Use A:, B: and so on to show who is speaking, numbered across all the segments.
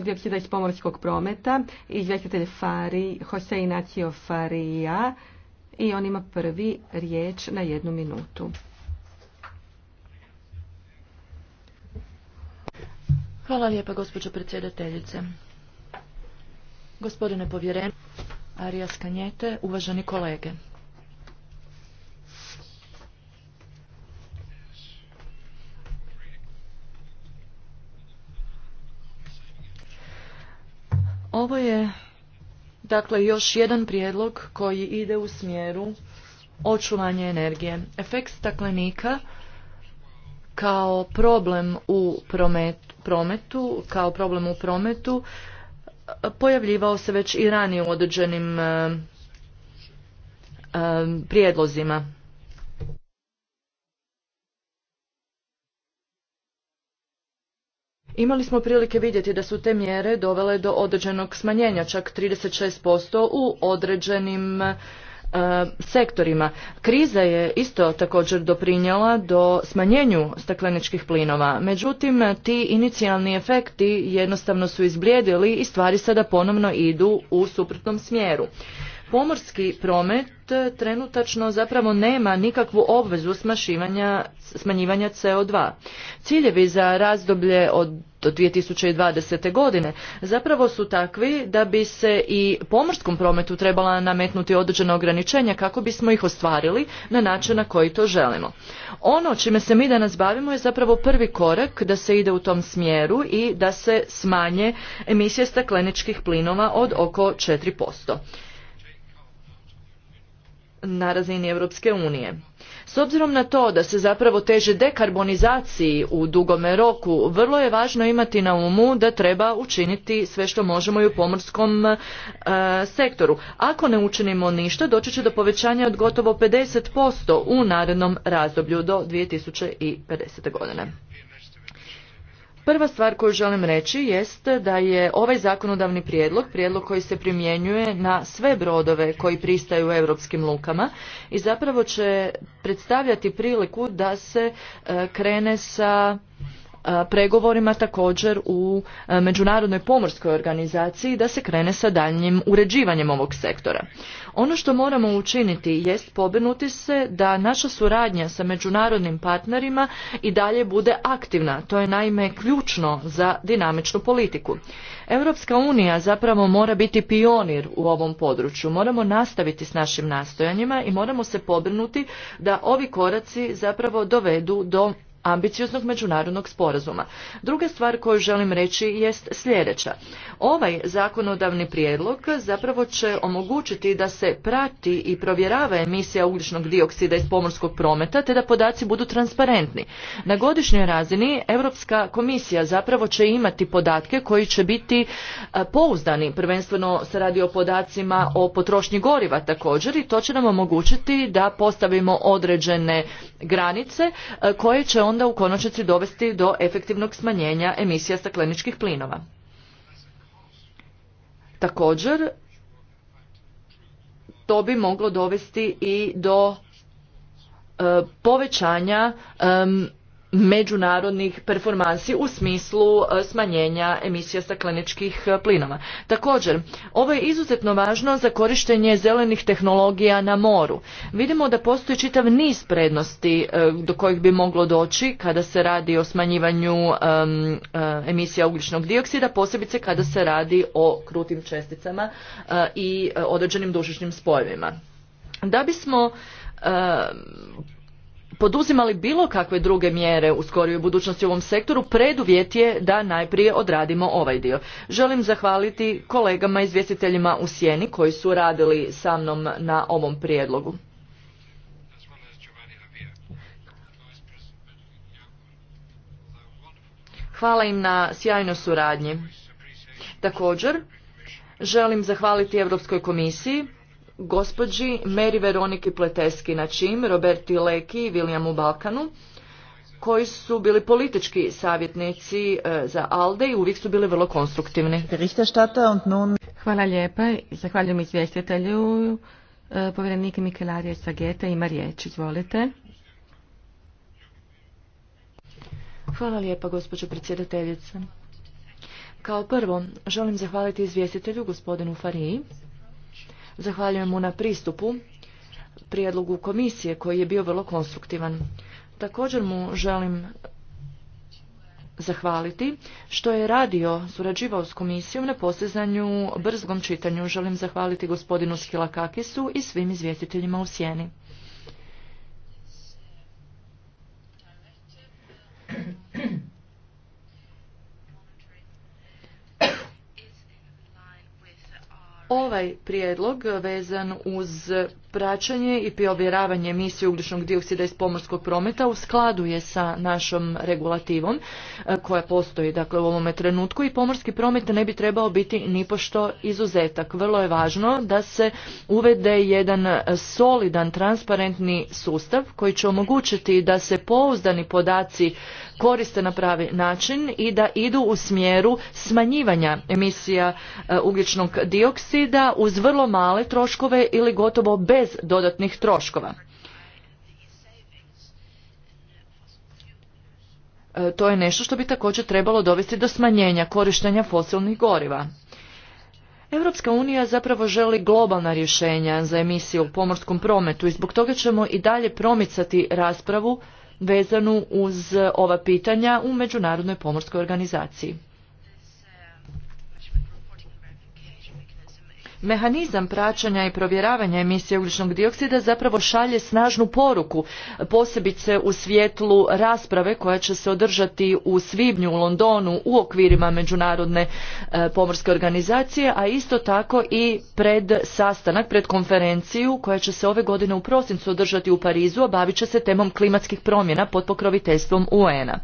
A: dioksida iz pomorskog prometa, izvjestitelj Fari, Jose Inacio Faria, i on ima prvi riječ na jednu minutu.
B: Hvala lijepa, gospođo predsjedateljice. Gospodine povjereniče, Arias Kanjete, uvaženi kolege. Ovo je dakle još jedan prijedlog koji ide u smjeru očuvanja energije. Efekt staklenika kao problem u prometu, kao problem u prometu pojavljivao se već i ranije u određenim eh, eh, prijedlozima. Imali smo prilike vidjeti da su te mjere dovele do određenog smanjenja, čak 36% u određenim e, sektorima. Kriza je isto također doprinjela do smanjenju stakleničkih plinova, međutim ti inicijalni efekti jednostavno su izblijedili i stvari sada ponovno idu u suprotnom smjeru pomorski promet e, trenutačno zapravo nema nikakvu obvezu smanjivanja CO2. Ciljevi za razdoblje od 2020. godine zapravo su takvi da bi se i pomorskom prometu trebala nametnuti određena ograničenja kako bismo ih ostvarili na način na koji to želimo. Ono čime se mi danas bavimo je zapravo prvi korak da se ide u tom smjeru i da se smanje emisije stakleničkih plinova od oko 4% na razini Europske unije. S obzirom na to da se zapravo teže dekarbonizaciji u dugome roku, vrlo je važno imati na umu da treba učiniti sve što možemo i u pomorskom e, sektoru. Ako ne učinimo ništa, doći će do povećanja od gotovo 50% u narednom razdoblju do 2050. godine. Prva stvar koju želim reći jest da je ovaj zakonodavni prijedlog, prijedlog koji se primjenjuje na sve brodove koji pristaju u europskim lukama i zapravo će predstavljati priliku da se e, krene sa pregovorima također u Međunarodnoj pomorskoj organizaciji da se krene sa daljnjim uređivanjem ovog sektora. Ono što moramo učiniti jest pobrinuti se da naša suradnja sa međunarodnim partnerima i dalje bude aktivna. To je naime ključno za dinamičnu politiku. Europska unija zapravo mora biti pionir u ovom području. Moramo nastaviti s našim nastojanjima i moramo se pobrinuti da ovi koraci zapravo dovedu do ambicioznog međunarodnog sporazuma. Druga stvar koju želim reći jest sljedeća. Ovaj zakonodavni prijedlog zapravo će omogućiti da se prati i provjerava emisija ugljičnog dioksida iz pomorskog prometa te da podaci budu transparentni. Na godišnjoj razini Europska komisija zapravo će imati podatke koji će biti e, pouzdani, prvenstveno se radi o podacima o potrošnji goriva također i to će nam omogućiti da postavimo određene granice e, koje će onda u konačnici dovesti do efektivnog smanjenja emisija stakleničkih plinova. Također, to bi moglo dovesti i do e, povećanja međunarodnih performansi u smislu e, smanjenja emisija stakleničkih e, plinova. Također, ovo je izuzetno važno za korištenje zelenih tehnologija na moru. Vidimo da postoji čitav niz prednosti e, do kojih bi moglo doći kada se radi o smanjivanju emisija ugljičnog dioksida, posebice kada se radi o krutim česticama i određenim dušičnim spojevima. Da bismo poduzimali bilo kakve druge mjere u skorijoj budućnosti u ovom sektoru, preduvjet je da najprije odradimo ovaj dio. Želim zahvaliti kolegama i izvjestiteljima u Sjeni koji su radili sa mnom na ovom prijedlogu. Hvala im na sjajnoj suradnji. Također, želim zahvaliti Europskoj komisiji gospođi Meri Veroniki Pleteski na Čim, Roberti Leki i Viljamu Balkanu, koji su bili politički savjetnici e, za ALDE i uvijek su bili vrlo konstruktivni.
A: Hvala lijepa. Zahvaljujem izvjestitelju. E, povjerenike Mikelarije Sageta ima riječ. Izvolite.
B: Hvala lijepa, gospođo predsjedateljice. Kao prvo, želim zahvaliti izvjestitelju, gospodinu Fariji, Zahvaljujem mu na pristupu, prijedlogu komisije koji je bio vrlo konstruktivan. Također mu želim zahvaliti što je radio surađivao s komisijom na postizanju brzgom čitanju. Želim zahvaliti gospodinu Skilakakisu i svim izvjestiteljima u sjeni. Ovaj prijedlog vezan uz praćanje i priobjeravanje emisije ugljičnog dioksida iz pomorskog prometa u skladu je sa našom regulativom e, koja postoji dakle u ovome trenutku i pomorski promet ne bi trebao biti nipošto izuzetak. Vrlo je važno da se uvede jedan solidan, transparentni sustav koji će omogućiti da se pouzdani podaci koriste na pravi način i da idu u smjeru smanjivanja emisija e, ugljičnog dioksida da uz vrlo male troškove ili gotovo bez dodatnih troškova. E, to je nešto što bi također trebalo dovesti do smanjenja korištenja fosilnih goriva. Europska unija zapravo želi globalna rješenja za emisije u pomorskom prometu i zbog toga ćemo i dalje promicati raspravu vezanu uz ova pitanja u Međunarodnoj pomorskoj organizaciji. Mehanizam praćanja i provjeravanja emisije ugljičnog dioksida zapravo šalje snažnu poruku, posebice u svijetlu rasprave koja će se održati u svibnju u Londonu u okvirima Međunarodne e, pomorske organizacije, a isto tako i pred sastanak, pred konferenciju koja će se ove godine u prosincu održati u Parizu, a bavit će se temom klimatskih promjena pod pokroviteljstvom UN-a.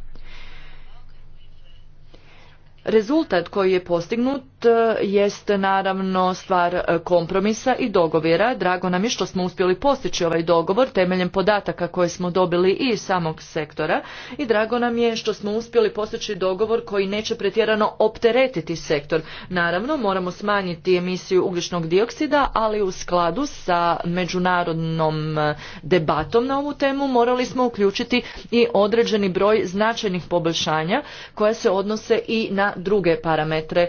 B: Rezultat koji je postignut e, jest naravno stvar e, kompromisa i dogovora. Drago nam je što smo uspjeli postići ovaj dogovor temeljem podataka koje smo dobili i iz samog sektora i drago nam je što smo uspjeli postići dogovor koji neće pretjerano opteretiti sektor. Naravno, moramo smanjiti emisiju ugljičnog dioksida, ali u skladu sa međunarodnom e, debatom na ovu temu morali smo uključiti i određeni broj značajnih poboljšanja koja se odnose i na druge parametre.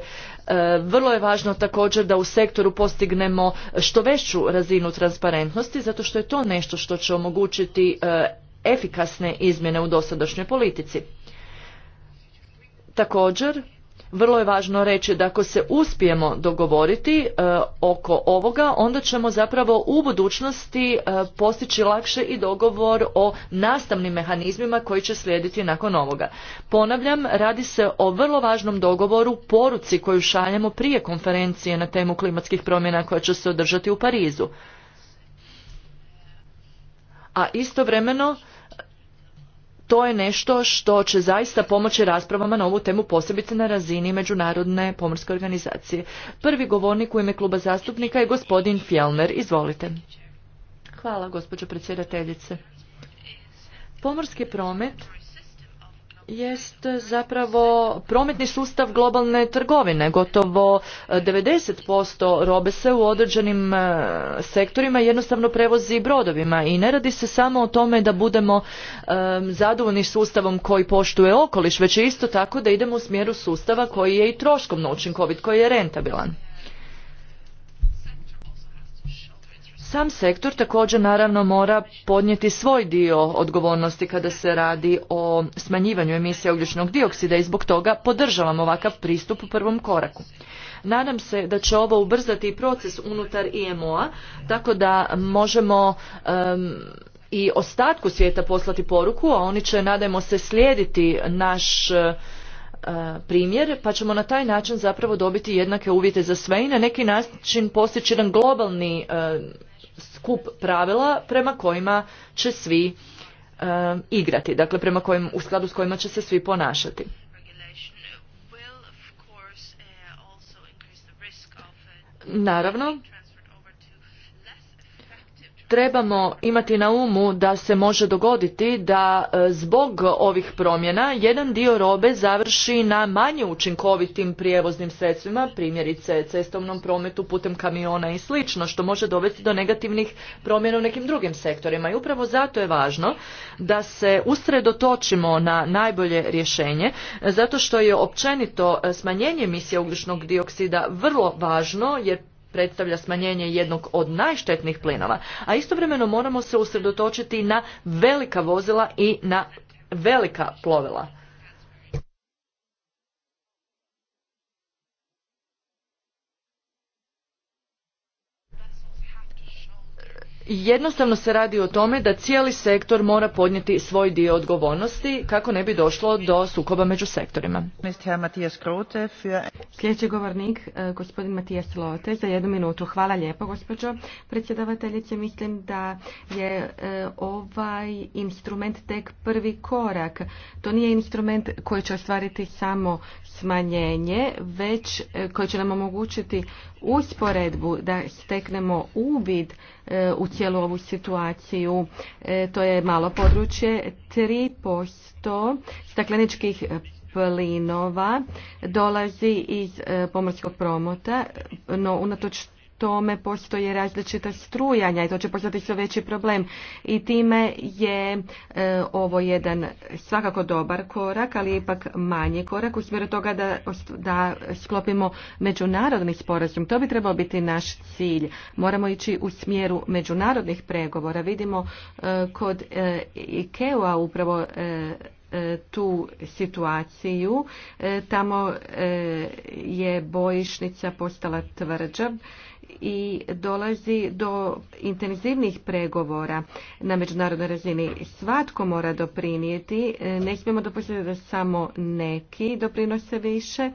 B: E, vrlo je važno također da u sektoru postignemo što veću razinu transparentnosti zato što je to nešto što će omogućiti e, efikasne izmjene u dosadašnjoj politici. Također vrlo je važno reći da ako se uspijemo dogovoriti e, oko ovoga, onda ćemo zapravo u budućnosti e, postići lakše i dogovor o nastavnim mehanizmima koji će slijediti nakon ovoga. Ponavljam, radi se o vrlo važnom dogovoru, poruci koju šaljemo prije konferencije na temu klimatskih promjena koja će se održati u Parizu. A istovremeno to je nešto što će zaista pomoći raspravama na ovu temu posebice na razini Međunarodne pomorske organizacije. Prvi govornik u ime kluba zastupnika je gospodin Fjelner. Izvolite. Hvala gospođo predsjedateljice. Pomorski promet jest zapravo prometni sustav globalne trgovine. Gotovo 90% e, robe se u određenim e, sektorima jednostavno prevozi brodovima i ne radi se samo o tome da budemo e, zadovoljni sustavom koji poštuje okoliš, već isto tako da idemo u smjeru sustava koji je i troškovno učinkovit, koji je rentabilan. Sam sektor također naravno mora podnijeti svoj dio odgovornosti kada se radi o smanjivanju emisije ugljičnog dioksida i zbog toga podržavam ovakav pristup u prvom koraku. Nadam se da će ovo ubrzati proces unutar IMO-a tako da možemo i ostatku svijeta poslati poruku, a oni će nadajmo se slijediti naš e, primjer, pa ćemo na taj način zapravo dobiti jednake uvjete za sve i na neki način postići jedan globalni e, skup pravila prema kojima će svi e, igrati, dakle prema kojim, u skladu s kojima će se svi ponašati. Uh, uh, Naravno, trebamo imati na umu da se može dogoditi da e, zbog ovih promjena jedan dio robe završi na manje učinkovitim prijevoznim sredstvima, primjerice cestovnom prometu putem kamiona i sl. što može dovesti do negativnih promjena u nekim drugim sektorima. I upravo zato je važno da se usredotočimo na najbolje rješenje, zato što je općenito e, smanjenje emisije ugljičnog dioksida vrlo važno jer predstavlja smanjenje jednog od najštetnijih plinova, a istovremeno moramo se usredotočiti na velika vozila i na velika plovila. Jednostavno se radi o tome da cijeli sektor mora podnijeti svoj dio odgovornosti kako ne bi došlo do sukoba među sektorima.
C: Sljedeći
A: govornik, e, gospodin Matijas Lote, za jednu minutu. Hvala lijepo, gospođo predsjedavateljice. Mislim da je e, ovaj instrument tek prvi korak. To nije instrument koji će ostvariti samo smanjenje, već e, koji će nam omogućiti usporedbu da steknemo uvid E, u cijelu ovu situaciju. E, to je malo područje. 3% stakleničkih plinova dolazi iz e, pomorskog promota, no unatoč tome postoje različita strujanja i to će postati sve veći problem. I time je e, ovo jedan svakako dobar korak, ali ipak manji korak u smjeru toga da, da sklopimo međunarodni sporazum. To bi trebao biti naš cilj. Moramo ići u smjeru međunarodnih pregovora. Vidimo e, kod e, IKEA upravo e, E, tu situaciju. E, tamo e, je bojišnica postala tvrđa i dolazi do intenzivnih pregovora na međunarodnoj razini. Svatko mora doprinijeti, ne smijemo dopustiti da samo neki doprinose više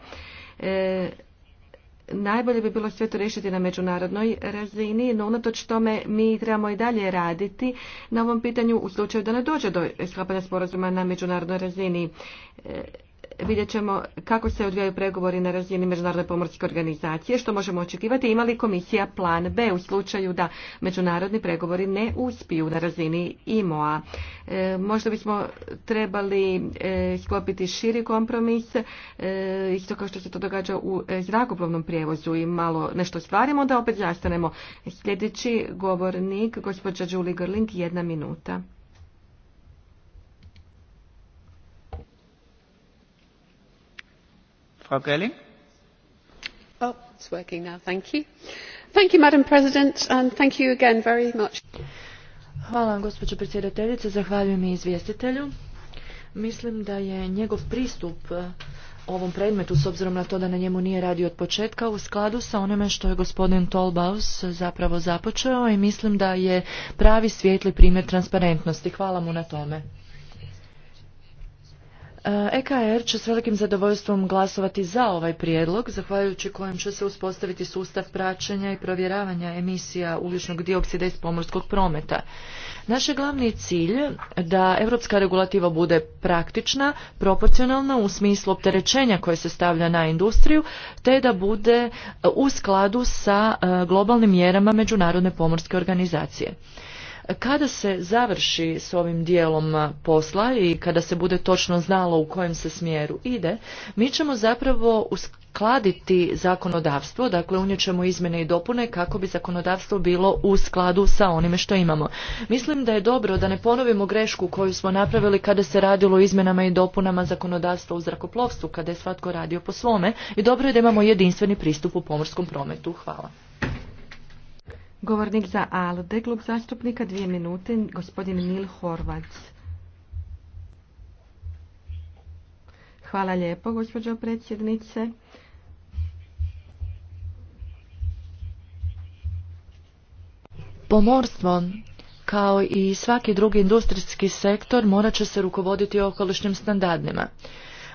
A: najbolje bi bilo sve to riješiti na međunarodnoj razini, no unatoč tome mi trebamo i dalje raditi na ovom pitanju u slučaju da ne dođe do sklapanja sporazuma na međunarodnoj razini. E, vidjet ćemo kako se odvijaju pregovori na razini Međunarodne pomorske organizacije, što možemo očekivati, ima li komisija plan B u slučaju da međunarodni pregovori ne uspiju na razini IMO-a. E, možda bismo trebali e, sklopiti širi kompromis, e, isto kao što se to događa u zrakoplovnom prijevozu i malo nešto stvarimo, da opet zastanemo. Sljedeći govornik, gospođa Julie Gerling, jedna minuta.
B: hvala vam gospođo predsjedateljice zahvaljujem i izvjestitelju mislim da je njegov pristup eh, ovom predmetu s obzirom na to da na njemu nije radio od početka u skladu sa onime što je gospodin Tolbaus zapravo započeo i mislim da je pravi svijetli primjer transparentnosti. Hvala mu na tome. EKR e će s velikim zadovoljstvom glasovati za ovaj prijedlog, zahvaljujući kojem će se uspostaviti sustav praćenja i provjeravanja emisija ugljičnog dioksida iz pomorskog prometa. Naš je glavni cilj da europska regulativa bude praktična, proporcionalna u smislu opterećenja koje se stavlja na industriju, te da bude e, u skladu sa e, globalnim mjerama Međunarodne pomorske organizacije. Kada se završi s ovim dijelom posla i kada se bude točno znalo u kojem se smjeru ide, mi ćemo zapravo uskladiti zakonodavstvo, dakle unijet ćemo izmjene i dopune kako bi zakonodavstvo bilo u skladu sa onime što imamo. Mislim da je dobro da ne ponovimo grešku koju smo napravili kada se radilo o izmjenama i dopunama zakonodavstva u zrakoplovstvu, kada je svatko radio po svome i dobro je da imamo jedinstveni pristup u pomorskom prometu. Hvala.
A: Govornik za ALDE, klub zastupnika, dvije minute, gospodin Mil Horvac. Hvala lijepo, gospođo predsjednice.
B: Pomorstvo, kao i svaki drugi industrijski sektor, morat će se rukovoditi okolišnim standardima.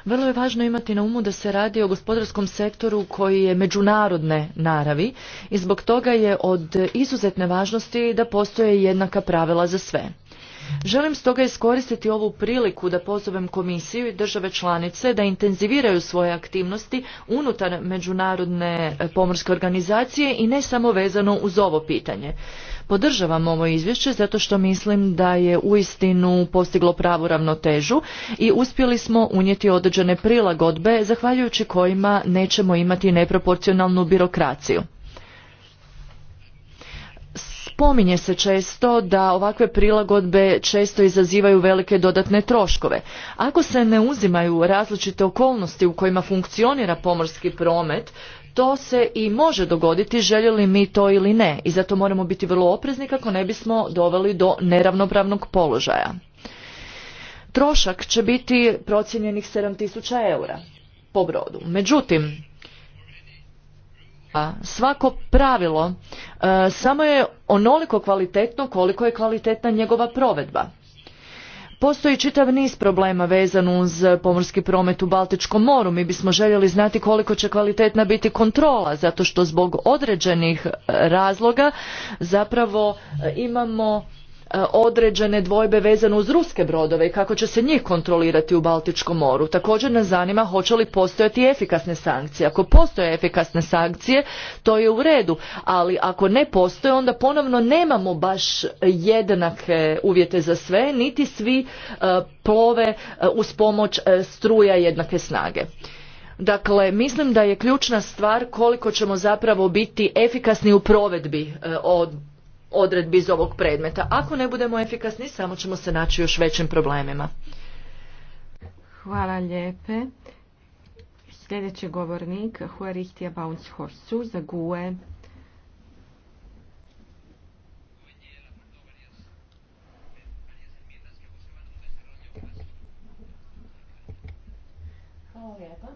B: Vrlo je važno imati na umu da se radi o gospodarskom sektoru koji je međunarodne naravi i zbog toga je od izuzetne važnosti da postoje jednaka pravila za sve. Želim stoga iskoristiti ovu priliku da pozovem komisiju i države članice da intenziviraju svoje aktivnosti unutar međunarodne pomorske organizacije i ne samo vezano uz ovo pitanje. Podržavam ovo izvješće zato što mislim da je uistinu postiglo pravu ravnotežu i uspjeli smo unijeti određene prilagodbe zahvaljujući kojima nećemo imati neproporcionalnu birokraciju spominje se često da ovakve prilagodbe često izazivaju velike dodatne troškove. Ako se ne uzimaju različite okolnosti u kojima funkcionira pomorski promet, to se i može dogoditi željeli mi to ili ne i zato moramo biti vrlo oprezni kako ne bismo doveli do neravnopravnog položaja. Trošak će biti procijenjenih 7000 eura po brodu. Međutim, svako pravilo e, samo je onoliko kvalitetno koliko je kvalitetna njegova provedba. Postoji čitav niz problema vezan uz pomorski promet u Baltičkom moru. Mi bismo željeli znati koliko će kvalitetna biti kontrola, zato što zbog određenih e, razloga zapravo e, imamo određene dvojbe vezane uz ruske brodove i kako će se njih kontrolirati u Baltičkom moru. Također nas zanima hoće li postojati efikasne sankcije. Ako postoje efikasne sankcije, to je u redu, ali ako ne postoje, onda ponovno nemamo baš jednake uvjete za sve, niti svi e, plove e, uz pomoć e, struja jednake snage. Dakle, mislim da je ključna stvar koliko ćemo zapravo biti efikasni u provedbi od odredbi iz ovog predmeta. Ako ne budemo efikasni, samo ćemo se naći u još većim problemima.
A: Hvala lijepe. Sljedeći govornik, Huarihtija Baunshorsu za GUE. lijepa.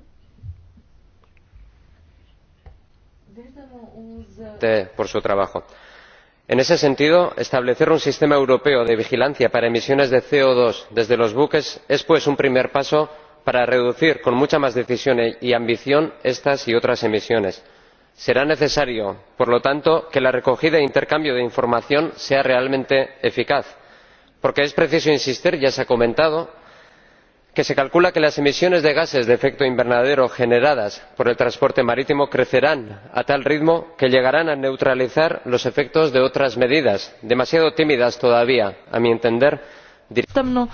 D: Te, por su trabajo en ese sentido establecer un sistema europeo de vigilancia para emisiones de co dos desde los buques es pues un primer paso para reducir con mucha más decisión y ambición estas y otras emisiones. será necesario por lo tanto que la recogida e intercambio de información sea realmente eficaz porque es preciso insistir ya se ha comentado que se calcula que las emisiones de gases de efecto invernadero generadas por el transporte marítimo crecerán a tal ritmo que llegarán a neutralizar los efectos de otras medidas demasiado tímidas todavía a mi entender dirigidas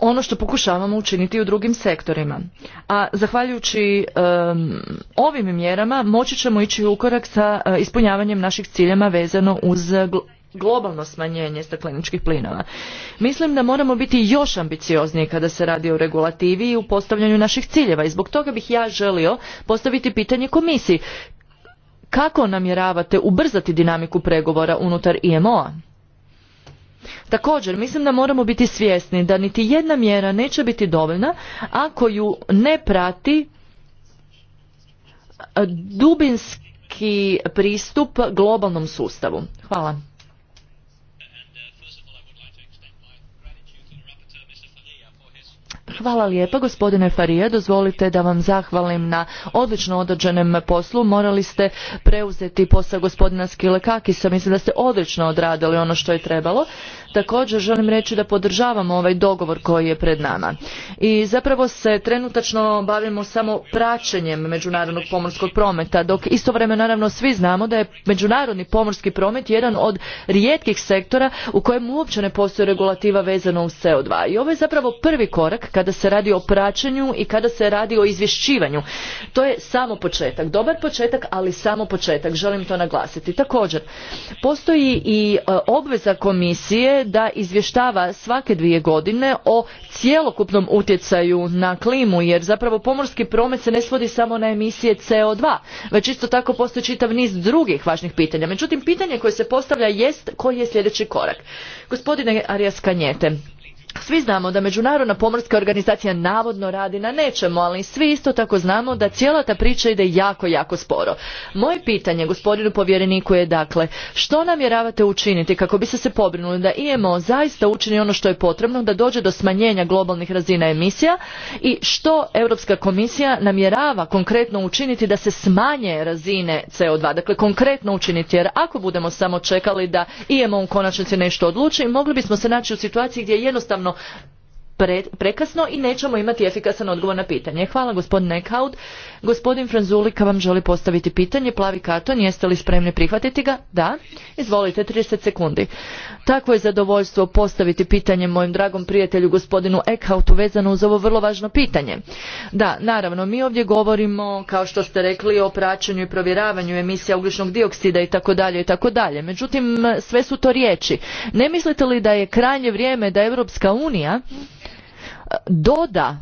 B: ono što pokušavamo učiniti u drugim sektorima. A zahvaljujući ovim mjerama moći ćemo ići u korak sa e, ispunjavanjem naših ciljeva vezano uz globalno smanjenje stakleničkih plinova. Mislim da moramo biti još ambiciozniji kada se radi o regulativi i u postavljanju naših ciljeva i zbog toga bih ja želio postaviti pitanje komisiji. Kako namjeravate ubrzati dinamiku pregovora unutar IMO-a? Također, mislim da moramo biti svjesni da niti jedna mjera neće biti dovoljna ako ju ne prati eh, dubinski pristup globalnom sustavu. Hvala. Hvala lijepa gospodine Farija, dozvolite da vam zahvalim na odlično odrađenem poslu. Morali ste preuzeti posao gospodina Skilekakisa, mislim da ste odlično odradili ono što je trebalo. Također želim reći da podržavamo ovaj dogovor koji je pred nama. I zapravo se trenutačno bavimo samo praćenjem međunarodnog pomorskog prometa, dok istovremeno naravno svi znamo da je međunarodni pomorski promet jedan od rijetkih sektora u kojem uopće ne postoji regulativa vezana uz CO2. I ovo je zapravo prvi korak kada se radi o praćenju i kada se radi o izvješćivanju. To je samo početak. Dobar početak, ali samo početak. Želim to naglasiti. Također, postoji i e, obveza komisije da izvještava svake dvije godine o cjelokupnom utjecaju na klimu jer zapravo pomorski promet se ne svodi samo na emisije CO2 već isto tako postoji čitav niz drugih važnih pitanja. Međutim, pitanje koje se postavlja jest koji je sljedeći korak. Gospodine Arias Kanjete, svi znamo da Međunarodna pomorska organizacija navodno radi na nečemu, ali svi isto tako znamo da cijela ta priča ide jako, jako sporo. Moje pitanje gospodinu povjereniku je dakle, što namjeravate učiniti kako bi se se pobrinuli da IMO zaista učini ono što je potrebno, da dođe do smanjenja globalnih razina emisija i što Europska komisija namjerava konkretno učiniti da se smanje razine CO2, dakle konkretno učiniti, jer ako budemo samo čekali da IMO u konačnici nešto odluči, mogli bismo se naći u situaciji gdje jednostavno no prekasno i nećemo imati efikasan odgovor na pitanje. Hvala gospodine Ekaut. Gospodin Franzulika vam želi postaviti pitanje. Plavi kato, jeste li spremni prihvatiti ga? Da. Izvolite, 30 sekundi. Takvo je zadovoljstvo postaviti pitanje mojim dragom prijatelju gospodinu Ekautu vezano uz ovo vrlo važno pitanje. Da, naravno, mi ovdje govorimo, kao što ste rekli, o praćenju i provjeravanju emisija ugljičnog dioksida i tako dalje i tako dalje. Međutim, sve su to riječi. Ne mislite li da je krajnje vrijeme da Europska unija doda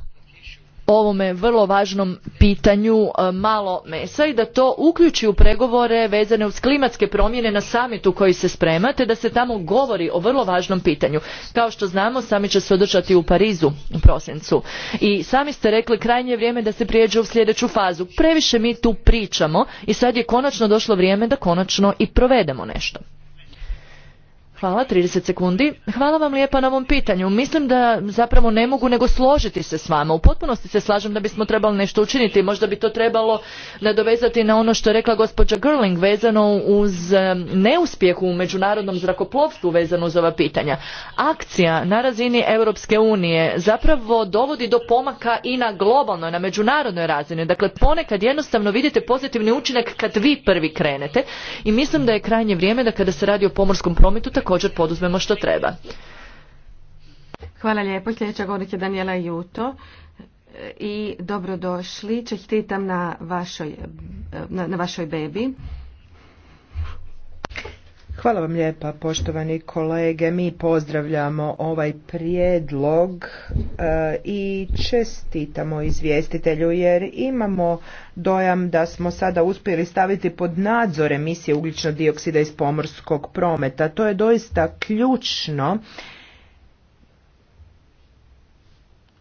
B: ovome vrlo važnom pitanju e, malo mesa i da to uključi u pregovore vezane uz klimatske promjene na samitu koji se sprema te da se tamo govori o vrlo važnom pitanju. Kao što znamo sami će se održati u Parizu u prosincu i sami ste rekli krajnje je vrijeme da se prijeđe u sljedeću fazu. Previše mi tu pričamo i sad je konačno došlo vrijeme da konačno i provedemo nešto. Hvala, 30 sekundi. Hvala vam lijepa na ovom pitanju. Mislim da zapravo ne mogu nego složiti se s vama. U potpunosti se slažem da bismo trebali nešto učiniti. Možda bi to trebalo nadovezati na ono što je rekla gospođa Gerling vezano uz neuspjehu u međunarodnom zrakoplovstvu vezano uz ova pitanja. Akcija na razini Europske unije zapravo dovodi do pomaka i na globalnoj, na međunarodnoj razini. Dakle, ponekad jednostavno vidite pozitivni učinak kad vi prvi krenete i mislim da je krajnje vrijeme da kada se radi o pomorskom prometu tako također poduzmemo što treba.
A: Hvala lijepo. Sljedeća govornik je Daniela Juto i dobrodošli. Čestitam na vašoj, na vašoj bebi.
C: Hvala vam lijepa, poštovani kolege. Mi pozdravljamo ovaj prijedlog e, i čestitamo izvjestitelju jer imamo dojam da smo sada uspjeli staviti pod nadzor emisije ugljičnog dioksida iz pomorskog prometa. To je doista ključno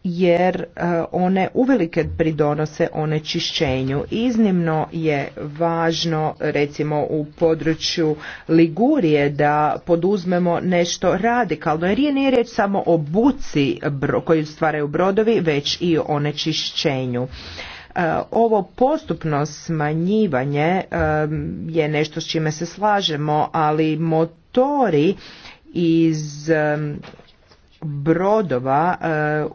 C: jer e, one uvelike pridonose onečišćenju. Iznimno je važno recimo u području Ligurije da poduzmemo nešto radikalno jer je nije riječ samo o buci koju stvaraju brodovi već i o onečišćenju e, ovo postupno smanjivanje e, je nešto s čime se slažemo ali motori iz brodova e,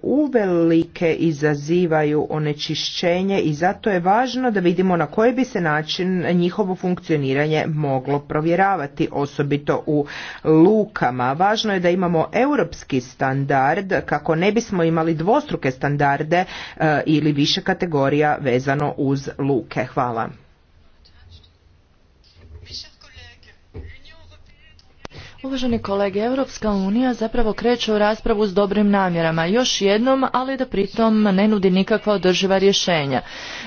C: uvelike izazivaju onečišćenje i zato je važno da vidimo na koji bi se način njihovo funkcioniranje moglo provjeravati, osobito u lukama. Važno je da imamo europski standard kako ne bismo imali dvostruke standarde e, ili više kategorija vezano uz luke. Hvala.
B: Uvaženi kolege, Europska unija zapravo kreće u raspravu s dobrim namjerama, još jednom, ali da pritom ne nudi nikakva održiva rješenja.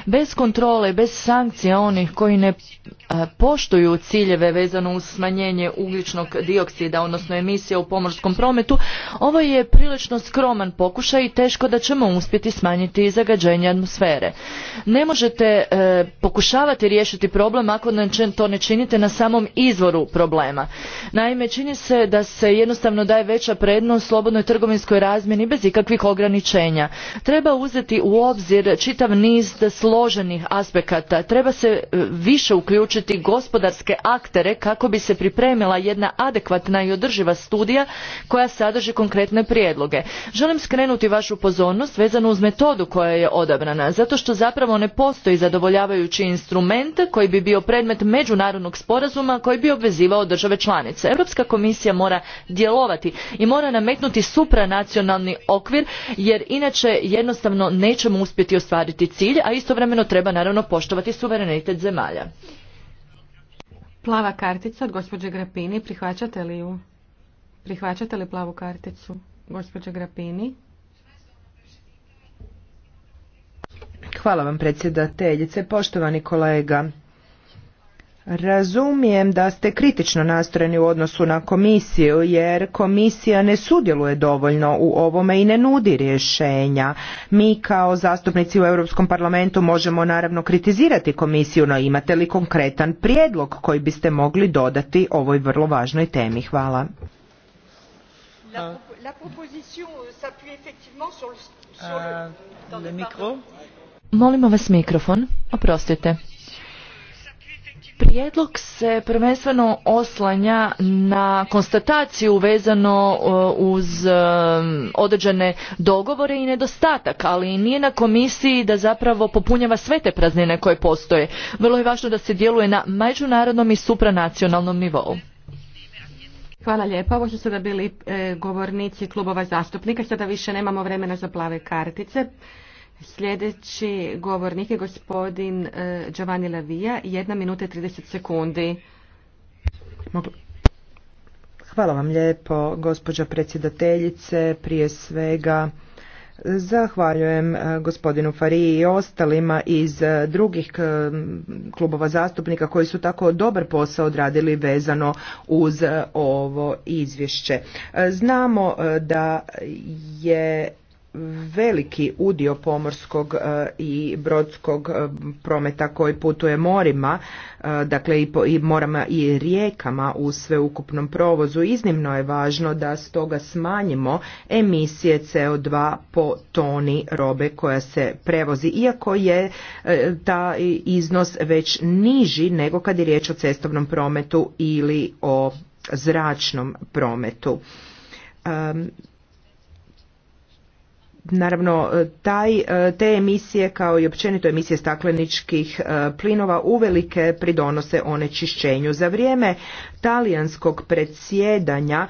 B: Bez kontrole, bez sankcija onih koji ne poštuju ciljeve vezano uz smanjenje ugljičnog dioksida, odnosno emisija u pomorskom prometu, ovo je prilično skroman pokušaj i teško da ćemo uspjeti smanjiti zagađenje atmosfere. Ne možete e, pokušavati riješiti problem ako to ne činite na samom izvoru problema. Naime, čini se da se jednostavno daje veća prednost slobodnoj trgovinskoj razmjeni bez ikakvih ograničenja. Treba uzeti u obzir čitav niz složenih aspekata. Treba se e, više uključiti gospodarske aktere kako bi se pripremila jedna adekvatna i održiva studija koja sadrži konkretne prijedloge. Želim skrenuti vašu pozornost vezano uz metodu koja je odabrana, zato što zapravo ne postoji zadovoljavajući instrument koji bi bio predmet međunarodnog sporazuma koji bi obvezivao države članice. Europska komisija mora djelovati i mora nametnuti supranacionalni okvir jer inače jednostavno nećemo uspjeti ostvariti cilj a istovremeno treba naravno poštovati suverenitet
A: zemalja. Plava kartica od gospođe Grapini, prihvaćate li ju? Prihvaćate li plavu karticu gospođe Grapini?
C: Hvala vam predsjedateljice, poštovani kolega. Razumijem da ste kritično nastrojeni u odnosu na komisiju jer komisija ne sudjeluje dovoljno u ovome i ne nudi rješenja. Mi kao zastupnici u Europskom parlamentu možemo naravno kritizirati komisiju, no imate li konkretan prijedlog koji biste mogli dodati ovoj vrlo važnoj temi? Hvala.
B: Molimo vas mikrofon, oprostite. Prijedlog se prvenstveno oslanja na konstataciju vezano e, uz e, određene dogovore i nedostatak, ali nije na komisiji da zapravo popunjava sve te praznine koje postoje. Vrlo je važno da se djeluje na međunarodnom i supranacionalnom nivou.
A: Hvala lijepa. Ovo su sada bili e, govornici klubova zastupnika. Sada više nemamo vremena za plave kartice. Sljedeći govornik je gospodin e, Giovanni Lavija, jedna minuta i 30 sekundi.
C: Hvala vam lijepo, gospođa predsjedateljice, prije svega... Zahvaljujem e, gospodinu Fariji i ostalima iz e, drugih klubova zastupnika koji su tako dobar posao odradili vezano uz ovo izvješće. Znamo da je veliki udio pomorskog e, i brodskog e, prometa koji putuje morima, e, dakle i, i morama i rijekama u sveukupnom provozu, iznimno je važno da stoga smanjimo emisije CO2 po toni robe koja se prevozi, iako je ta iznos već niži nego kad je riječ o cestovnom prometu ili o zračnom prometu naravno e, taj, e, te emisije kao i općenito emisije stakleničkih e, plinova uvelike pridonose onečišćenju. Za vrijeme talijanskog predsjedanja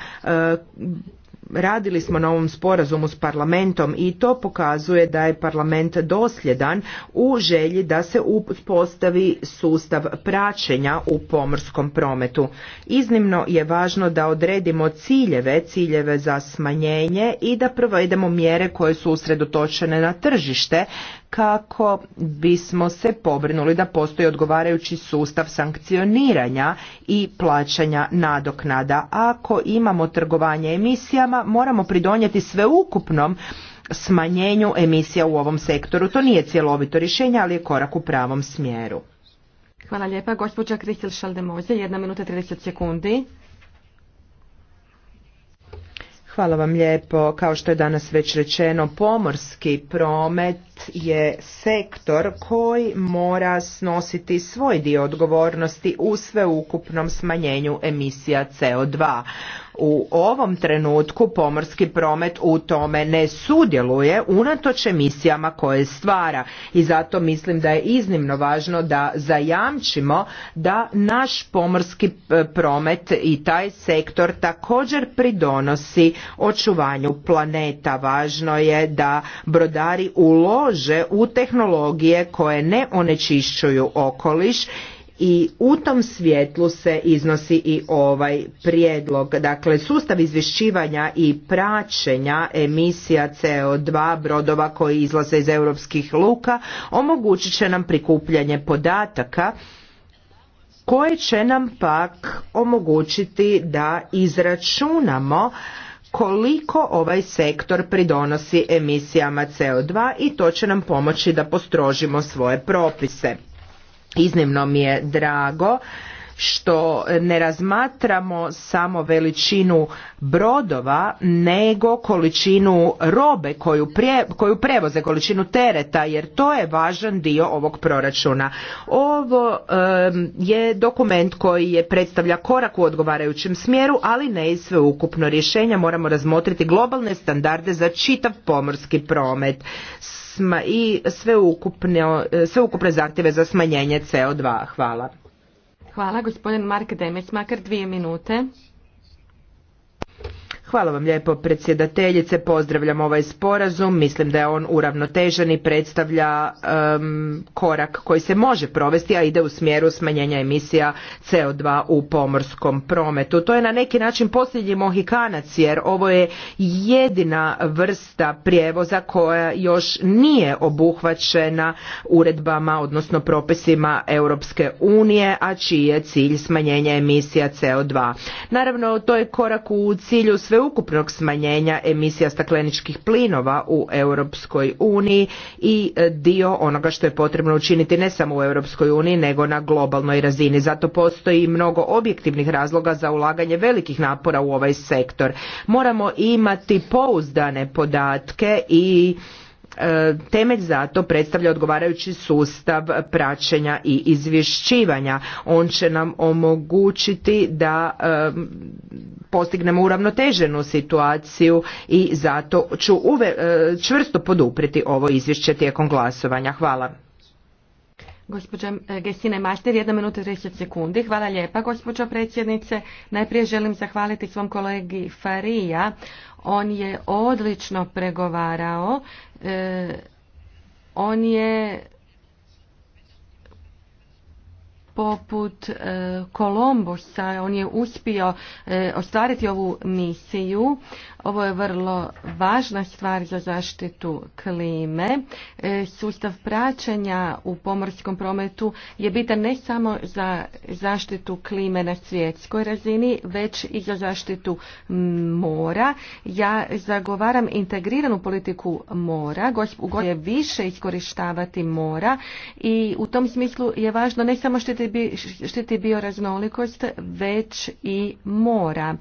C: radili smo na ovom sporazumu s parlamentom i to pokazuje da je parlament dosljedan u želji da se uspostavi sustav praćenja u pomorskom prometu. Iznimno je važno da odredimo ciljeve, ciljeve za smanjenje i da provedemo mjere koje su usredotočene na tržište kako bismo se pobrinuli da postoji odgovarajući sustav sankcioniranja i plaćanja nadoknada. Ako imamo trgovanje emisijama, moramo pridonijeti sveukupnom smanjenju emisija u ovom sektoru. To nije cjelovito rješenje, ali je korak u pravom smjeru.
A: Hvala lijepa. Gospođa Kristel Šaldemoze, jedna minuta 30 sekundi.
C: Hvala vam lijepo. Kao što je danas već rečeno, pomorski promet je sektor koji mora snositi svoj dio odgovornosti u sveukupnom smanjenju emisija CO2. U ovom trenutku pomorski promet u tome ne sudjeluje unatoč emisijama koje stvara i zato mislim da je iznimno važno da zajamčimo da naš pomorski e, promet i taj sektor također pridonosi očuvanju planeta. Važno je da brodari ulože u tehnologije koje ne onečišćuju okoliš i u tom svjetlu se iznosi i ovaj prijedlog. Dakle, sustav izvješćivanja i praćenja emisija CO2 brodova koji izlaze iz europskih luka omogućit će nam prikupljanje podataka koje će nam pak omogućiti da izračunamo koliko ovaj sektor pridonosi emisijama CO2 i to će nam pomoći da postrožimo svoje propise. Iznimno mi je drago što ne razmatramo samo veličinu brodova nego količinu robe koju, koju prevoze količinu tereta jer to je važan dio ovog proračuna ovo je dokument koji je predstavlja korak u odgovarajućem smjeru ali ne i sveukupno rješenja moramo razmotriti globalne standarde za čitav pomorski promet i sveukupne, e, sveukupne zahtjeve za smanjenje CO2. Hvala.
A: Hvala, gospodin Mark makar dvije minute.
C: Hvala vam lijepo predsjedateljice, pozdravljam ovaj sporazum, mislim da je on uravnotežen i predstavlja korak koji se može provesti, a ide u smjeru smanjenja emisija CO2 u pomorskom prometu. To je na neki način posljednji mohikanac jer ovo je jedina vrsta prijevoza koja još nije obuhvaćena uredbama, odnosno propisima Europske unije, a čiji je cilj smanjenja emisija CO2. Naravno, to je korak u cilju sve sveukupnog smanjenja emisija stakleničkih plinova u Europskoj uniji i e, dio onoga što je potrebno učiniti ne samo u Europskoj uniji nego na globalnoj razini. Zato postoji mnogo objektivnih razloga za ulaganje velikih napora u ovaj sektor. Moramo imati pouzdane podatke i E, temelj za to predstavlja odgovarajući sustav praćenja i izvješćivanja. On će nam omogućiti da e, postignemo uravnoteženu situaciju i zato ću uve, e, čvrsto poduprijeti ovo izvješće tijekom glasovanja. Hvala.
A: Gospođa Gesine Mašter, jedna minuta 30 sekundi. Hvala lijepa, gospođo predsjednice. Najprije želim zahvaliti svom kolegi Farija on je odlično pregovarao e, on je poput e, Kolombosa, on je uspio e, ostvariti ovu misiju ovo je vrlo važna stvar za zaštitu klime. E, sustav praćenja u pomorskom prometu je bitan ne samo za zaštitu klime na svjetskoj razini, već i za zaštitu mora. Ja zagovaram integriranu politiku mora, u je više iskorištavati mora i u tom smislu je važno ne samo štiti bioraznolikost, već i mora.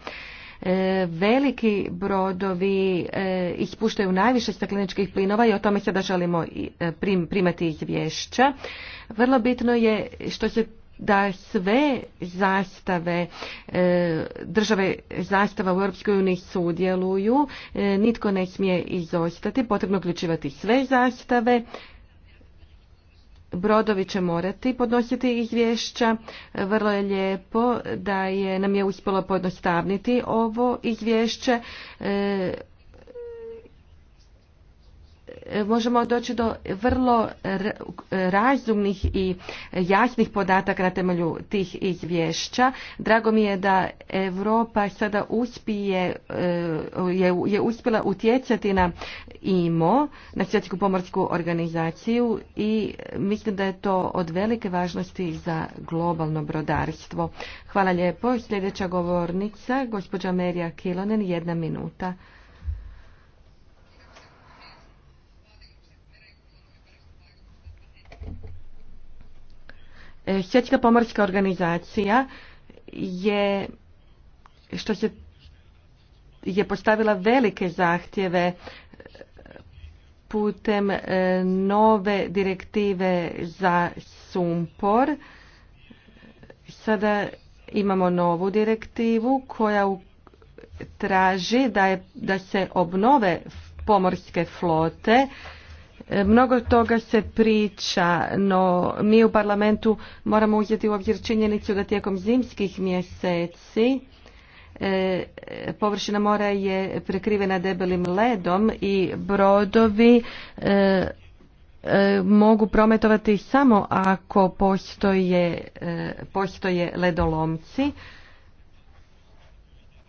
A: E, veliki brodovi e, ispuštaju najviše stakleničkih plinova i o tome sada želimo e, primati izvješća. Vrlo bitno je što se da sve zastave države zastava u EU sudjeluju, nitko ne smije izostati, potrebno uključivati sve zastave Brodovi će morati podnositi izvješća. Vrlo je lijepo da je, nam je uspjelo podnostavniti ovo izvješće. E, E, možemo doći do vrlo razumnih i jasnih podataka na temelju tih izvješća. Drago mi je da Europa sada uspije, e, je, je uspjela utjecati na IMO, na svjetsku pomorsku organizaciju i mislim da je to od velike važnosti za globalno brodarstvo. Hvala lijepo. Sljedeća govornica, gospođa Merija Kilonen, jedna minuta. Svjetska pomorska organizacija je što se je postavila velike zahtjeve putem e, nove direktive za sumpor. Sada imamo novu direktivu koja traži da, da se obnove pomorske flote E, mnogo toga se priča, no mi u parlamentu moramo uzeti u obzir činjenicu da tijekom zimskih mjeseci e, površina mora je prekrivena debelim ledom i brodovi e, mogu prometovati samo ako postoje, postoje ledolomci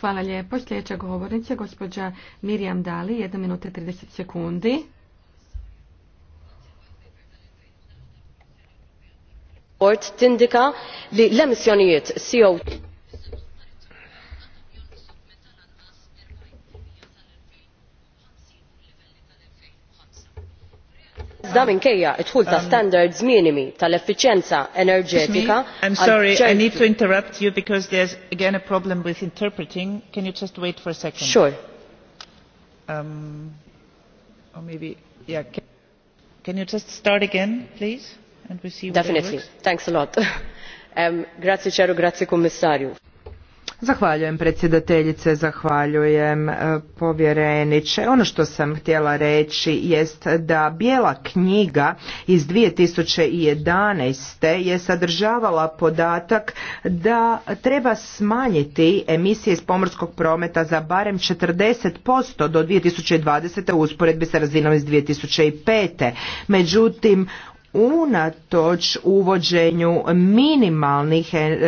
A: Hvala lijepo. Sljedeća govornica, gospođa Mirjam Dali, 1 minuta 30 sekundi.
E: Tindika li l CO2 iżda minkejja um, it dħul ta' um, standards minimi tal efficienza enerġetika i'm sorry i need to
C: interrupt you because there's again a problem with interpreting can you just wait for a second sure um, or maybe yeah can, you just start
E: again please and we see definitely thanks a lot grazie ċeru grazie Commissario
C: Zahvaljujem predsjedateljice, zahvaljujem e, povjereniče. Ono što sam htjela reći jest da bijela knjiga iz 2011. je sadržavala podatak da treba smanjiti emisije iz pomorskog prometa za barem 40% do 2020. u usporedbi sa razinom iz 2005. Međutim, unatoč uvođenju minimalnih e,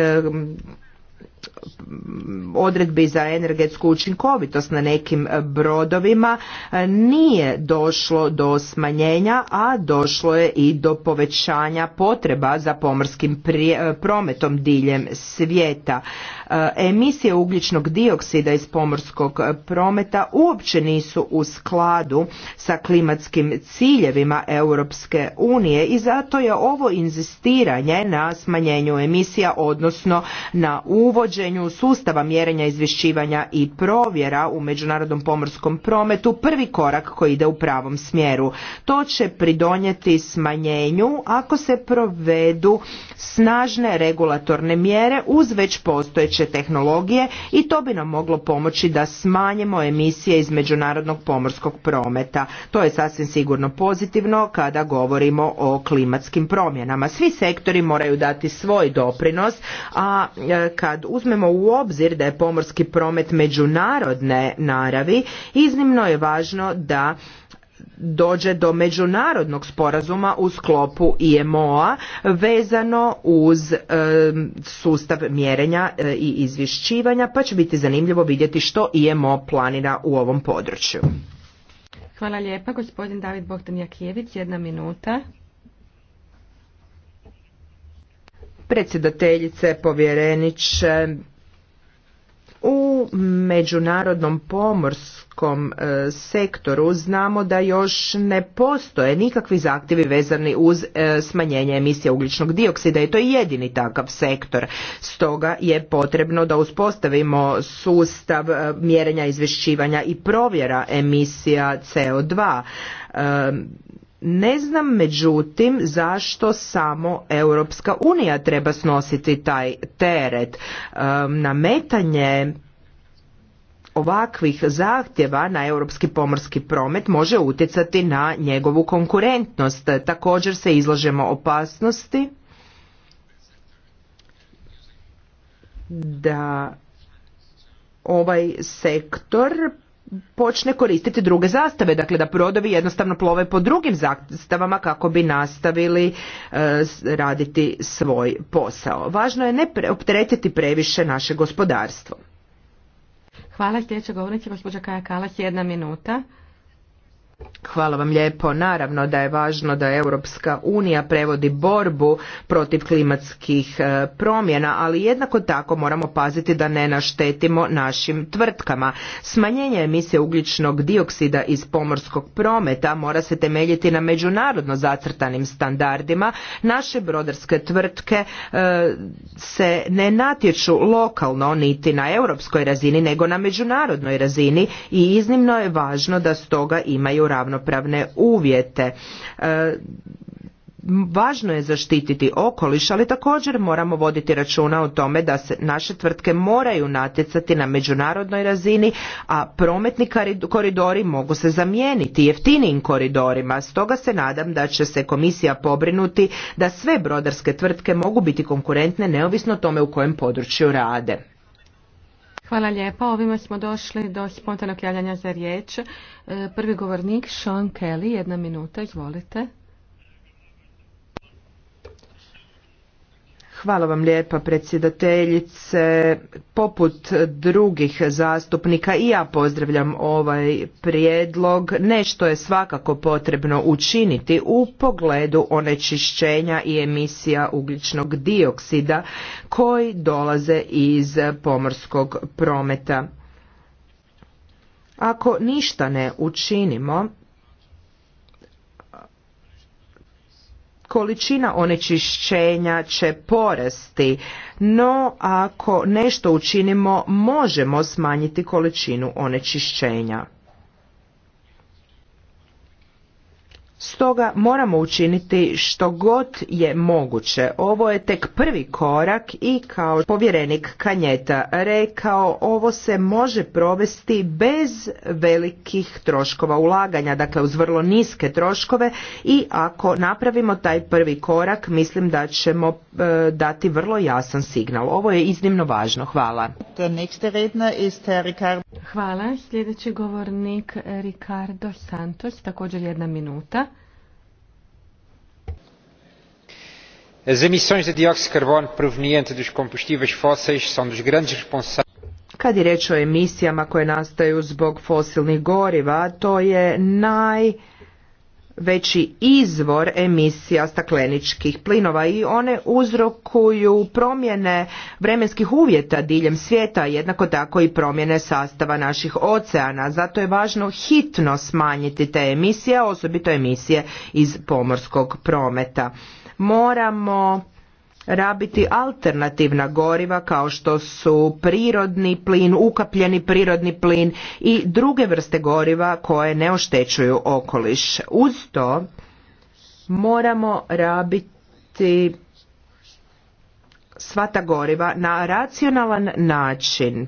C: odredbi za energetsku učinkovitost na nekim e, brodovima e, nije došlo do smanjenja, a došlo je i do povećanja potreba za pomorskim e, prometom diljem svijeta. E, emisije ugljičnog dioksida iz pomorskog e, prometa uopće nisu u skladu sa klimatskim ciljevima Europske unije i zato je ovo inzistiranje na smanjenju emisija odnosno na uvođenju sustava mjerenja izvješćivanja i provjera u međunarodnom pomorskom prometu prvi korak koji ide u pravom smjeru. To će pridonijeti smanjenju ako se provedu snažne regulatorne mjere uz već postojeće tehnologije i to bi nam moglo pomoći da smanjimo emisije iz međunarodnog pomorskog prometa. To je sasvim sigurno pozitivno kada govorimo o klimatskim promjenama. Svi sektori moraju dati svoj doprinos, a e, kad uzmemo u obzir da je pomorski promet međunarodne naravi, iznimno je važno da dođe do međunarodnog sporazuma u sklopu IMO-a vezano uz sustav mjerenja e, i izvješćivanja pa će biti zanimljivo vidjeti što IMO planira u ovom području.
A: Hvala lijepa. Gospodin David Bogdan Jakijević, jedna minuta.
C: Predsjedateljice, povjereniče, u međunarodnom pomorskom e, sektoru znamo da još ne postoje nikakvi zahtjevi vezani uz e, smanjenje emisije ugljičnog dioksida i to je jedini takav sektor. Stoga je potrebno da uspostavimo sustav e, mjerenja izvješćivanja i provjera emisija CO2 ne znam međutim zašto samo Europska unija treba snositi taj teret. Nametanje ovakvih zahtjeva na europski pomorski promet može utjecati na njegovu konkurentnost. Također se izlažemo opasnosti da ovaj sektor počne koristiti druge zastave, dakle da prodovi jednostavno plove po drugim zastavama kako bi nastavili e, raditi svoj posao. Važno je ne pre, opteretiti previše naše gospodarstvo.
A: Hvala, sljedeća govornica, gospođa Kaja Kalas, jedna minuta.
C: Hvala vam lijepo. Naravno da je važno da Europska unija prevodi borbu protiv klimatskih e, promjena, ali jednako tako moramo paziti da ne naštetimo našim tvrtkama. Smanjenje emisije ugljičnog dioksida iz pomorskog prometa mora se temeljiti na međunarodno zacrtanim standardima. Naše brodarske tvrtke e, se ne natječu lokalno niti na europskoj razini nego na međunarodnoj razini i iznimno je važno da stoga imaju ravnopravne uvjete e, važno je zaštititi okoliš, ali također moramo voditi računa o tome da se naše tvrtke moraju natjecati na međunarodnoj razini, a prometni koridori mogu se zamijeniti jeftinijim koridorima. Stoga se nadam da će se komisija pobrinuti da sve brodarske tvrtke mogu biti konkurentne neovisno o tome u kojem području rade. Hvala
A: lijepa. Ovime smo došli do spontanog javljanja za riječ. E, prvi govornik, Sean Kelly, jedna minuta, izvolite.
C: Hvala vam lijepa predsjedateljice. Poput drugih zastupnika i ja pozdravljam ovaj prijedlog. Nešto je svakako potrebno učiniti u pogledu onečišćenja i emisija ugljičnog dioksida koji dolaze iz pomorskog prometa. Ako ništa ne učinimo, količina onečišćenja će porasti, no ako nešto učinimo možemo smanjiti količinu onečišćenja. Stoga moramo učiniti što god je moguće. Ovo je tek prvi korak i kao povjerenik Kanjeta rekao ovo se može provesti bez velikih troškova ulaganja, dakle uz vrlo niske troškove i ako napravimo taj prvi korak mislim da ćemo e, dati vrlo jasan signal. Ovo je iznimno važno. Hvala.
A: Hvala. Sljedeći govornik Ricardo Santos, također jedna minuta.
C: as emissões de dióxido dos combustíveis fósseis são dos grandes kad je riječ o emisijama koje nastaju zbog fosilnih goriva, to je najveći izvor emisija stakleničkih plinova i one uzrokuju promjene vremenskih uvjeta diljem svijeta, jednako tako i promjene sastava naših oceana. Zato je važno hitno smanjiti te emisije, osobito emisije iz pomorskog prometa moramo rabiti alternativna goriva kao što su prirodni plin, ukapljeni prirodni plin i druge vrste goriva koje ne oštećuju okoliš. Uz to moramo rabiti sva ta goriva na racionalan način.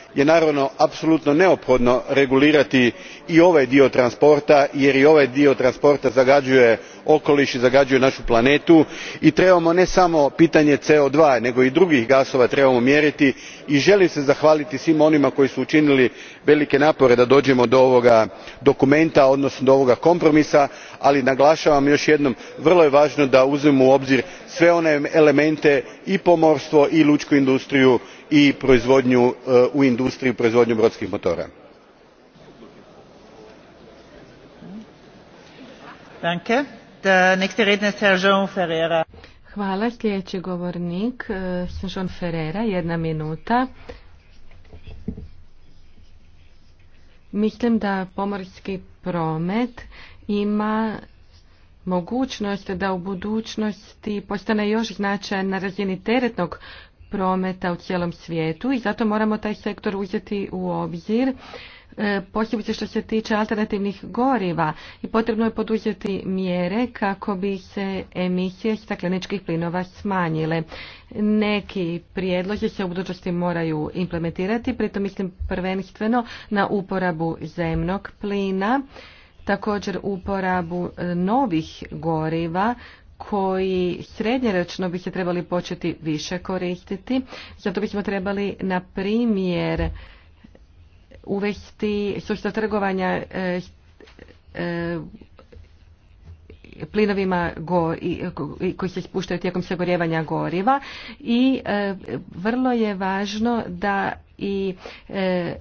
D: je naravno apsolutno neophodno regulirati i ovaj dio transporta jer i ovaj dio transporta zagađuje okoliš i zagađuje našu planetu i trebamo ne samo pitanje co two nego i drugih gasova trebamo mjeriti i želim se zahvaliti svima onima koji su učinili velike napore da dođemo do ovoga dokumenta odnosno do ovoga kompromisa ali naglašavam još jednom vrlo je važno da uzmemo u obzir sve one elemente i pomorstvo i lučku industriju i proizvodnju e, u industriji proizvodnju brodskih motora.
A: govornik, e, minuta. da pomorski promet ima mogućnost da u budućnosti postane još značajan na razini teretnog prometa u cijelom svijetu i zato moramo taj sektor uzeti u obzir e, posebice što se tiče alternativnih goriva i potrebno je poduzeti mjere kako bi se emisije stakleničkih plinova smanjile. Neki prijedlozi se u budućnosti moraju implementirati, pritom mislim prvenstveno na uporabu zemnog plina također uporabu e, novih goriva koji srednjeročno bi se trebali početi više koristiti. Zato bismo trebali, na primjer, uvesti sustav trgovanja e, e, plinovima go, koji se spuštaju tijekom sagorjevanja goriva i vrlo je važno da E,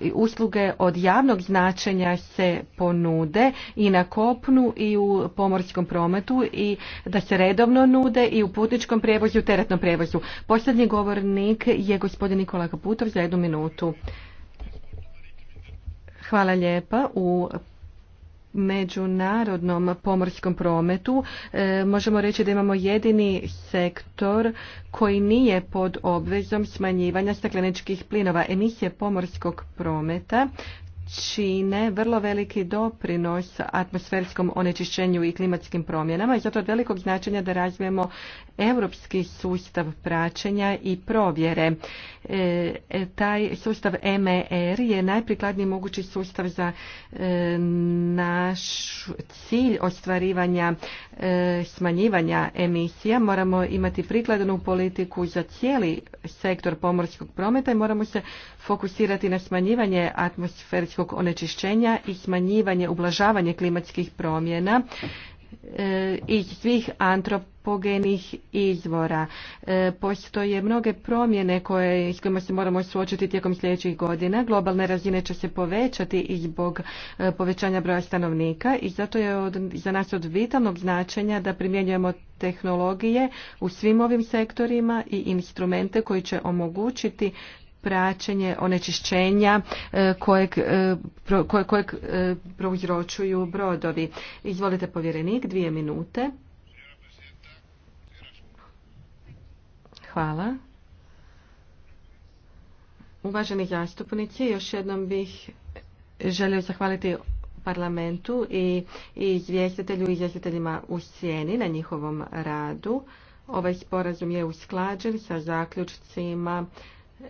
A: i usluge od javnog značenja se ponude i na kopnu i u pomorskom prometu i da se redovno nude i u putničkom prijevozu i u teretnom prijevozu. Posljednji govornik je gospodin Nikola Kaputov za jednu minutu. Hvala lijepa. U međunarodnom pomorskom prometu e, možemo reći da imamo jedini sektor koji nije pod obvezom smanjivanja stakleničkih plinova emisije pomorskog prometa čine vrlo veliki doprinos atmosferskom onečišćenju i klimatskim promjenama i zato od velikog značenja da razvijemo europski sustav praćenja i provjere. E, e, taj sustav MER je najprikladniji mogući sustav za e, naš cilj ostvarivanja smanjivanja emisija. Moramo imati prikladnu politiku za cijeli sektor pomorskog prometa i moramo se fokusirati na smanjivanje atmosferskog klimatskog onečišćenja i smanjivanje, ublažavanje klimatskih promjena e, i svih antropogenih izvora. E, postoje mnoge promjene koje, s kojima se moramo suočiti tijekom sljedećih godina. Globalne razine će se povećati i zbog e, povećanja broja stanovnika i zato je za nas od vitalnog značenja da primjenjujemo tehnologije u svim ovim sektorima i instrumente koji će omogućiti praćenje onečišćenja e, kojeg, e, kojeg, e, prouzročuju brodovi. Izvolite povjerenik, dvije minute. Hvala. Uvaženi zastupnici, još jednom bih želio zahvaliti parlamentu i izvjestitelju i izvjestiteljima u sjeni na njihovom radu. Ovaj sporazum je usklađen sa zaključcima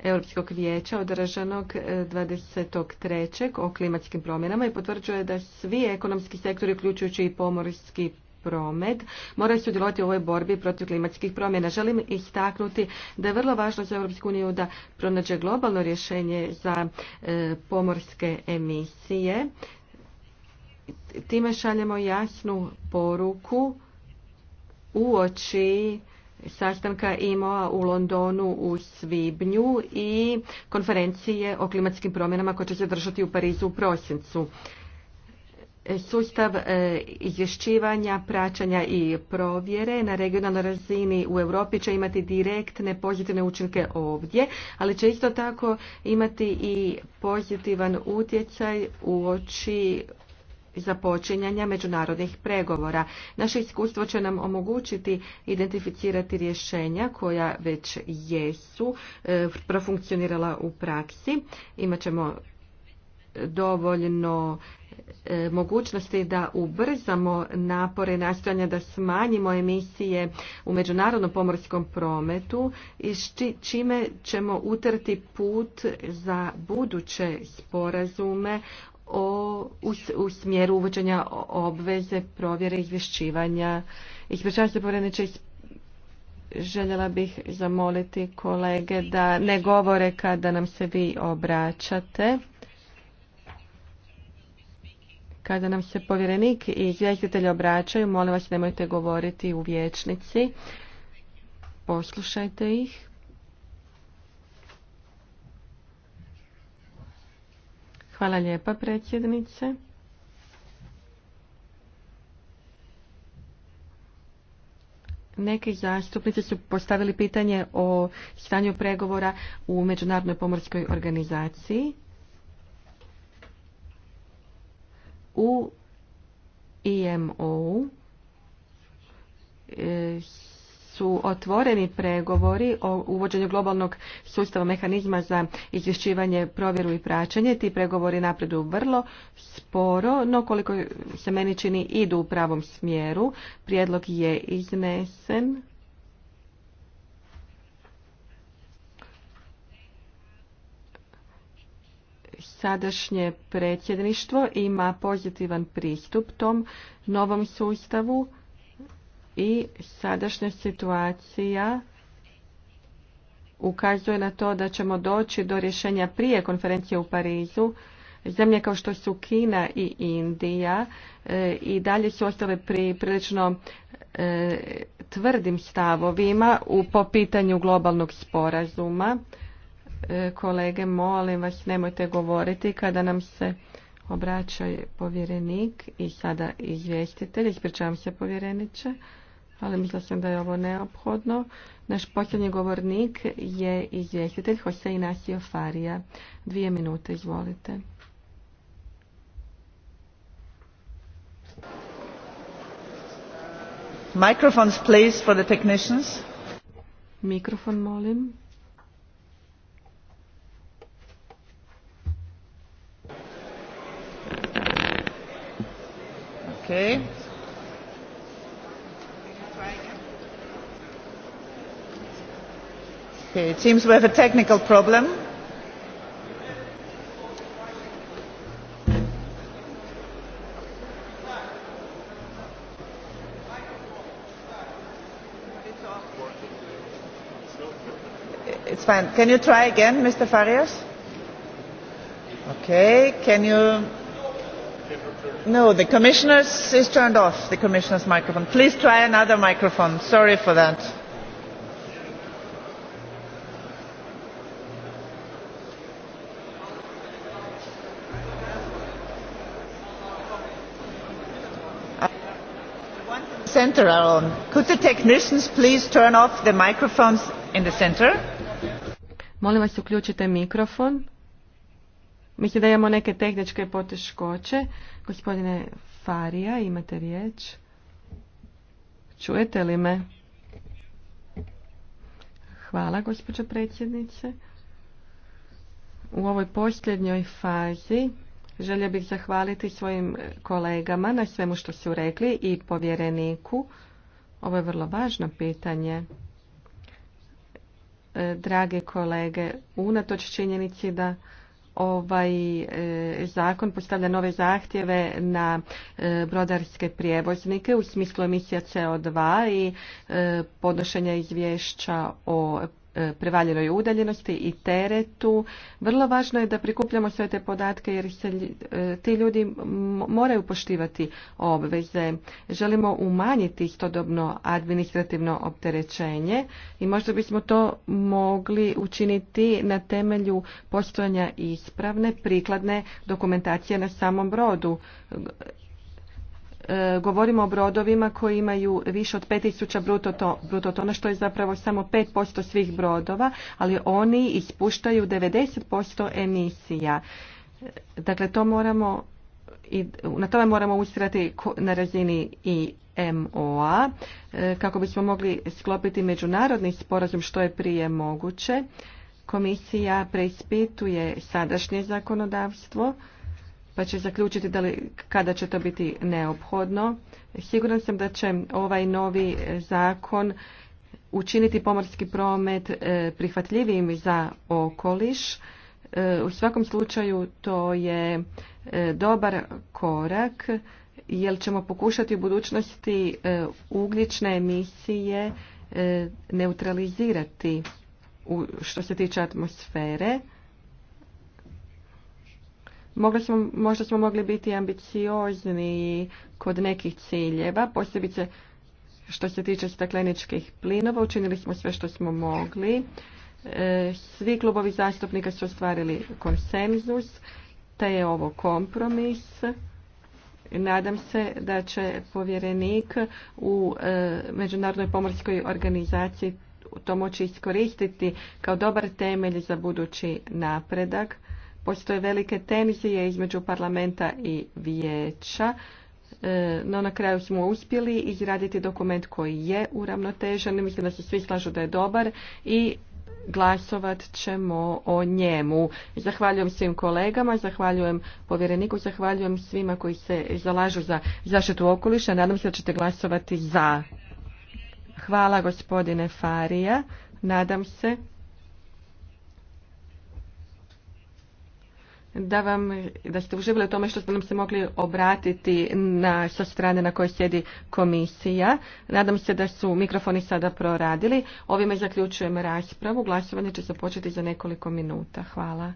A: Europskog vijeća održanog 23. E, o klimatskim promjenama i potvrđuje da svi ekonomski sektori, uključujući i pomorski promet, moraju sudjelovati u ovoj borbi protiv klimatskih promjena. Želim istaknuti da je vrlo važno za Europsku uniju da pronađe globalno rješenje za e, pomorske emisije. Time šaljemo jasnu poruku uoči sastanka imo u Londonu u svibnju i konferencije o klimatskim promjenama koje će se držati u Parizu u prosincu. Sustav e, izvješćivanja, praćanja i provjere na regionalnoj razini u Europi će imati direktne pozitivne učinke ovdje, ali će isto tako imati i pozitivan utjecaj u oči započinjanja međunarodnih pregovora. Naše iskustvo će nam omogućiti identificirati rješenja koja već jesu e, profunkcionirala u praksi. Imaćemo dovoljno e, mogućnosti da ubrzamo napore nastojanja da smanjimo emisije u međunarodnom pomorskom prometu i čime ćemo utrti put za buduće sporazume o, u, smjeru uvođenja obveze provjere izvješćivanja. se povredniče željela bih zamoliti kolege da ne govore kada nam se vi obraćate. Kada nam se povjerenik i izvjestitelj obraćaju, molim vas nemojte govoriti u vječnici. Poslušajte ih. Hvala lijepa predsjednice. Neki zastupnici su postavili pitanje o stanju pregovora u Međunarodnoj pomorskoj organizaciji. U imo su otvoreni pregovori o uvođenju globalnog sustava mehanizma za izvješćivanje, provjeru i praćenje. Ti pregovori napreduju vrlo sporo, no koliko se meni čini idu u pravom smjeru. Prijedlog je iznesen. sadašnje predsjedništvo ima pozitivan pristup tom novom sustavu i sadašnja situacija ukazuje na to da ćemo doći do rješenja prije konferencije u Parizu. Zemlje kao što su Kina i Indija e, i dalje su ostale pri prilično e, tvrdim stavovima u, po pitanju globalnog sporazuma. E, kolege, molim vas, nemojte govoriti kada nam se obraća povjerenik i sada izvjestitelj. Ispričavam se povjereniče ali mislila sam da je ovo neophodno. Naš posljednji govornik je izvjestitelj Jose Inacio Farija. Dvije minute, izvolite. Microphones, please, for the technicians. Mikrofon, molim.
E: Okay.
C: it seems we have a technical problem. It's fine. Can you try again, Mr. Farias? Okay, can
B: you... No, the commissioner's is turned off, the commissioner's microphone.
C: Please try another microphone. Sorry for that. center are Could the technicians please turn off the microphones in the center?
A: Molim vas uključite mikrofon. Mislim da imamo neke tehničke poteškoće. Gospodine Farija, imate riječ. Čujete li me? Hvala, gospođo predsjednice. U ovoj posljednjoj fazi Želio bih zahvaliti svojim kolegama na svemu što su rekli i povjereniku. Ovo je vrlo važno pitanje. E, drage kolege, unatoč činjenici da ovaj e, zakon postavlja nove zahtjeve na e, brodarske prijevoznike u smislu emisija CO2 i podnošenja izvješća o E, prevaljenoj udaljenosti i teretu. Vrlo važno je da prikupljamo sve te podatke jer se, e, ti ljudi moraju poštivati obveze. Želimo umanjiti istodobno administrativno opterećenje i možda bismo to mogli učiniti na temelju postojanja ispravne, prikladne dokumentacije na samom brodu. E, govorimo o brodovima koji imaju više od 5000 bruto, bruto tona, što je zapravo samo 5% svih brodova, ali oni ispuštaju 90% emisija. Dakle, to moramo i na tome moramo ustrati na razini i MOA e, kako bismo mogli sklopiti međunarodni sporazum što je prije moguće. Komisija preispituje sadašnje zakonodavstvo pa će zaključiti da li, kada će to biti neophodno. Siguran sam da će ovaj novi zakon učiniti pomorski promet e, prihvatljivijim za okoliš. E, u svakom slučaju to je e, dobar korak jer ćemo pokušati u budućnosti ugljične emisije neutralizirati što se tiče atmosfere. Mogli smo, možda smo mogli biti ambiciozni kod nekih ciljeva, posebice što se tiče stakleničkih plinova, učinili smo sve što smo mogli. E, svi klubovi zastupnika su ostvarili konsenzus, te je ovo kompromis. Nadam se da će povjerenik u e, Međunarodnoj pomorskoj organizaciji to moći iskoristiti kao dobar temelj za budući napredak. Postoje velike tenzije između parlamenta i vijeća, e, no na kraju smo uspjeli izraditi dokument koji je uravnotežen. Mislim da se svi slažu da je dobar i glasovat ćemo o njemu. Zahvaljujem svim kolegama, zahvaljujem povjereniku, zahvaljujem svima koji se zalažu za zaštitu okoliša. Nadam se da ćete glasovati za. Hvala gospodine Farija. Nadam se da, vam, da ste uživali u tome što ste nam se mogli obratiti na, sa strane na kojoj sjedi komisija. Nadam se da su mikrofoni sada proradili. Ovime zaključujem raspravu. Glasovanje će se početi za nekoliko minuta. Hvala.